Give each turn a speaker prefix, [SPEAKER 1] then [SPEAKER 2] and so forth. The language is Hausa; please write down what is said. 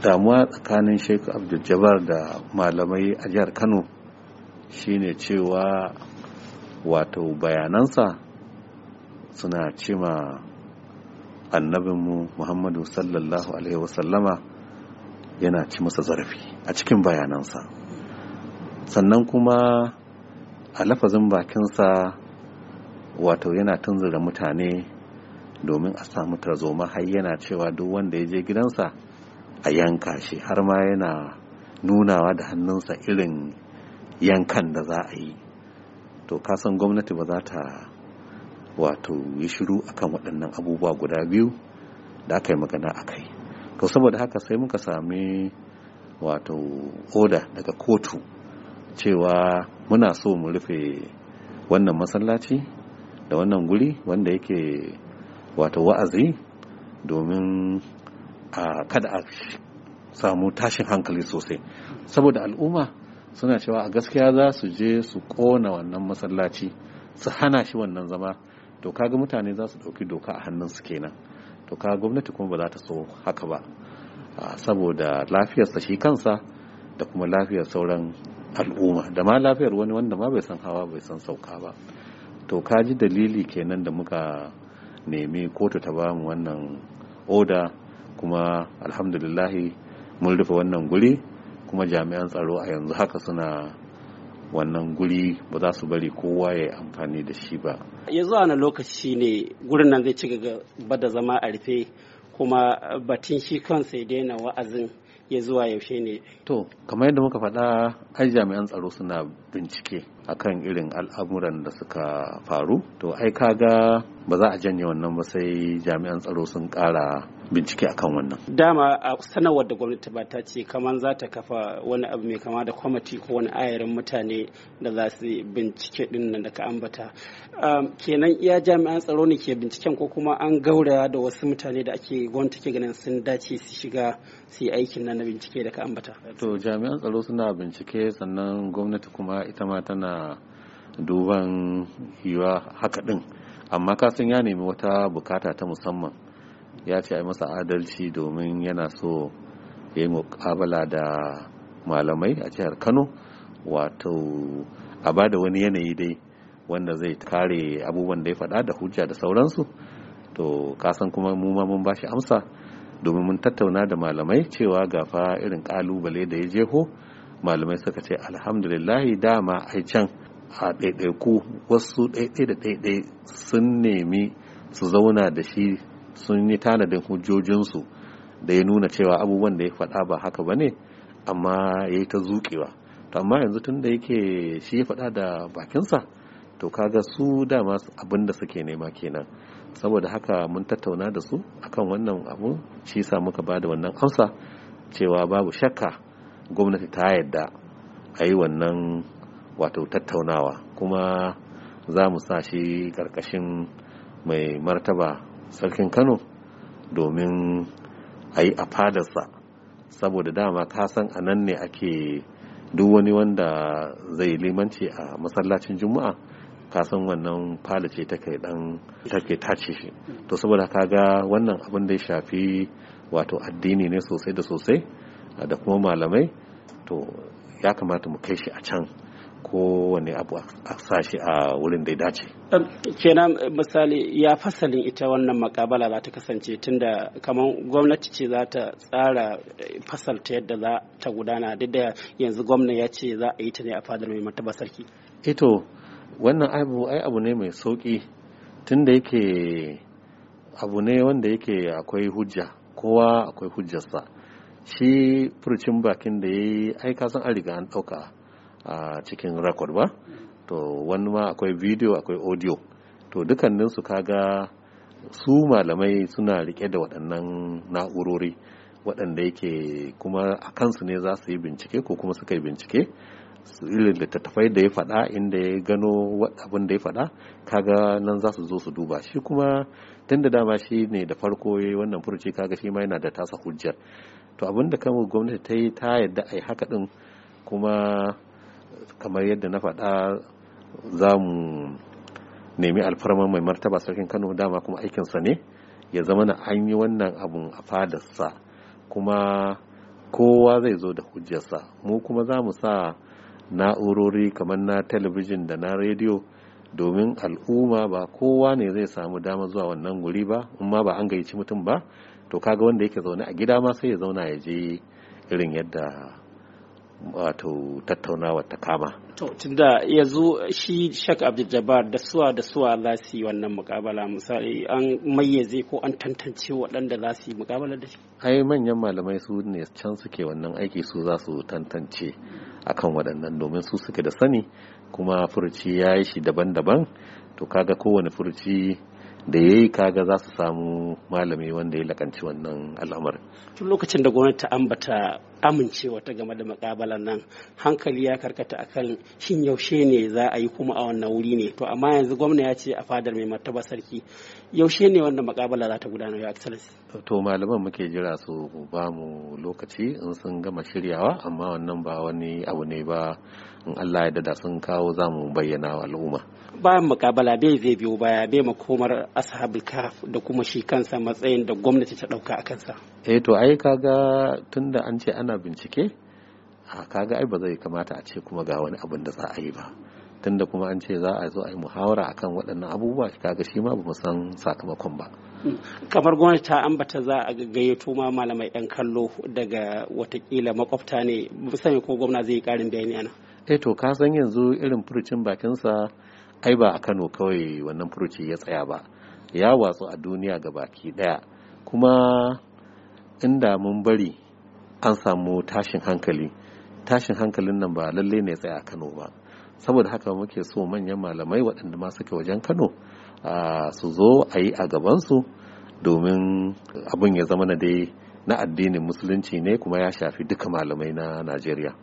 [SPEAKER 1] damuwa tsakanin sheik abdul da malamai a jihar kano shine cewa wato bayanansa suna cima annabinmu muhammadu sallallahu alaihi wasallama yana ci masa zarafi a cikin bayanansa sannan kuma a lafazin bakinsa wato yana tunzura mutane domin a samu tarzoma har yana cewa duk wanda ya je gidansa a yanka shi har ma yana nunawa da hannunsa irin yankan da za a yi to kasan gwamnati ba za ta wato yi shiru akan waɗannan abubuwa guda biyu da aka yi magana a kai to saboda haka sai muka sami wato oda daga kotu cewa muna so mu rufe wannan masallaci da wannan guri wanda yake wato wa'azi domin a kada a samu tashin hankali sosai saboda al'umma suna cewa a gaskiya za su je su kona wannan masallaci su hana shi wannan zama to kaga mutane za su ɗauki doka a hannun su kenan to kaga gwamnati kuma ba za ta so haka ba saboda lafiyarsa shi kansa da kuma lafiyar sauran al'umma da ma lafiyar wani wanda ma bai san hawa bai san sauka ba to kaji dalili kenan da muka nemi kotu ta bamu wannan oda kuma alhamdulillahi mun rufe wannan guri kuma jami'an tsaro a yanzu haka suna wannan guri ba za su bari kowa ya yi amfani da shi ba
[SPEAKER 2] Ya zuwa na lokaci ne gurin nan zai ci gaba da zama a rufe kuma batun shi kansa ya daina wa'azin ya zuwa yaushe ne
[SPEAKER 1] to kamar yadda muka faɗa ai jami'an tsaro suna bincike akan irin al'amuran da suka faru to ai kaga ba za a janye wannan ba sai jami'an tsaro sun ƙara bincike akan wannan
[SPEAKER 2] dama a sanarwar da gwamnati ba ta ce kamar za ta kafa wani abu mai kama da kwamati ko wani ayarin mutane da za su bincike din nan da ka ambata kenan iya jami'an tsaro ne ke binciken ko kuma an gauraya da wasu mutane da ake gwamnati ke ganin sun dace su shiga su yi aikin nan na bincike da ka ambata
[SPEAKER 1] to jami'an tsaro suna bincike sannan gwamnati kuma ita ma tana duban yiwa haka din amma kasan ya nemi wata bukata ta musamman ya ce a masa adalci domin yana so ya yi mukabala da malamai a jihar kano wato a ba da wani yanayi dai wanda zai kare abubuwan da ya faɗa da hujja da sauransu to kasan kuma mu ma mun bashi amsa domin mun tattauna da malamai cewa ga fa irin kalubale da ya jeho malamai suka ce alhamdulillahi dama ai can a ɗaiɗaiku wasu ɗaiɗai da ɗaiɗai sun nemi su zauna da shi sun yi tanadin hujjojinsu da ya nuna cewa abubuwan da ya faɗa ba haka ba ne amma ya yi ta zuƙewa to amma yanzu tun da yake shi ya faɗa da bakinsa to kaga su dama abin da suke nema kenan saboda haka mun tattauna da su akan wannan abu shi sa muka ba da wannan amsa cewa babu shakka gwamnati ta yadda a yi wannan wato tattaunawa kuma za mu sa shi ƙarƙashin mai martaba sarkin kano domin a yi a fadarsa saboda dama ka san a nan ne ake duk wani wanda zai limanci a masallacin juma'a ka san wannan fada ce take dan ke tace shi to saboda ka ga wannan abin da ya shafi wato addini ne sosai da sosai da kuma malamai to ya kamata mu kai shi a can ko kowane abu a sashi a wurin da ya dace.
[SPEAKER 2] kenan misali ya fasalin ita wannan makabala za ta kasance tunda kamar gwamnati ce za ta tsara eh, fasalta yadda za ta gudana duk da yanzu gwamna ya ce za a yi ta ne a fadar mai martaba sarki.
[SPEAKER 1] ito eh wannan abu ai abu ne mai sauki tunda yake abu ne wanda yake akwai hujja kowa akwai hujjarsa shi furcin bakin da ya yi ai kasan an riga an ɗauka a cikin record ba to wani ma akwai video akwai audio to dukanninsu kaga su malamai suna rike da waɗannan na'urori waɗanda yake kuma a kansu ne za su yi bincike ko kuma suka yi bincike irin littattafai da ya faɗa inda ya gano abin da ya faɗa kaga nan za su zo su duba shi kuma tun da dama shi ne da farko ya wannan furuci kaga shi ma yana da tasa hujjar to abin da kama gwamnati ta yi ta yadda a yi haka ɗin kuma kamar yadda na faɗa za mu nemi alfarma mai martaba sarkin kano dama kuma aikinsa ne ya zama na an yi wannan abun a fadarsa kuma kowa zai zo da hujjarsa mu kuma za mu sa na'urori kamar na talabijin da na rediyo domin al'umma ba kowa ne zai samu dama zuwa wannan guri ba in ma ba an gayyaci mutum ba to kaga wanda yake zaune a gida ma sai ya zauna ya je irin yadda wato tattaunawa ta kama
[SPEAKER 2] to tunda yanzu shi shak abdul da suwa da suwa za su yi wannan mukabala misali an mayyaze ko an tantance waɗanda za su yi mukabala da shi
[SPEAKER 1] ai manyan malamai su ne can suke wannan aiki su za su tantance akan waɗannan domin su suke da sani kuma furuci ya yi shi daban-daban to kaga kowane furuci da ya yi kaga za su samu malami wanda ya lakanci wannan al'amarin
[SPEAKER 2] tun lokacin da gwamnati ta ambata amincewa ta game da makabalan nan hankali ya karkata akan shin yaushe ne za a yi kuma a wannan wuri ne to amma yanzu gwamna ya ce a fadar mai martaba sarki yaushe ne wanda makabala za ta gudana ya excellency
[SPEAKER 1] to malaman muke jira su ba mu lokaci in sun gama shiryawa amma wannan ba wani abu ne ba in Allah ya dada sun kawo zamu bayyana wa al'umma
[SPEAKER 2] bayan makabala bai zai biyo baya bai makomar ashabul kaf da kuma shi kansa matsayin da gwamnati ta dauka a kansa
[SPEAKER 1] eh to ai kaga tunda an ce ana bincike a kaga ai ba zai kamata a ce kuma ga wani abin da za a yi ba tunda kuma an ce za a zo a yi muhawara akan waɗannan abubuwa kaga shi ma bamu san sakamakon ba
[SPEAKER 2] kamar gwamnati ta ambata za a gayyato ma malamai yan kallo daga watakila makwabta ne musamman ko gwamna zai yi karin bayani ana
[SPEAKER 1] eh to ka san yanzu irin furucin bakinsa ai ba a Kano kawai wannan furuci ya tsaya ba ya watsu a duniya ga baki daya kuma inda mun bari an samu tashin hankali tashin hankalin nan ba lallai ne tsaya a kano ba saboda haka muke so manyan malamai waɗanda ma suke wajen kano su zo a yi a gabansu domin abin ya zama na dai na addinin musulunci ne kuma ya shafi duka malamai na najeriya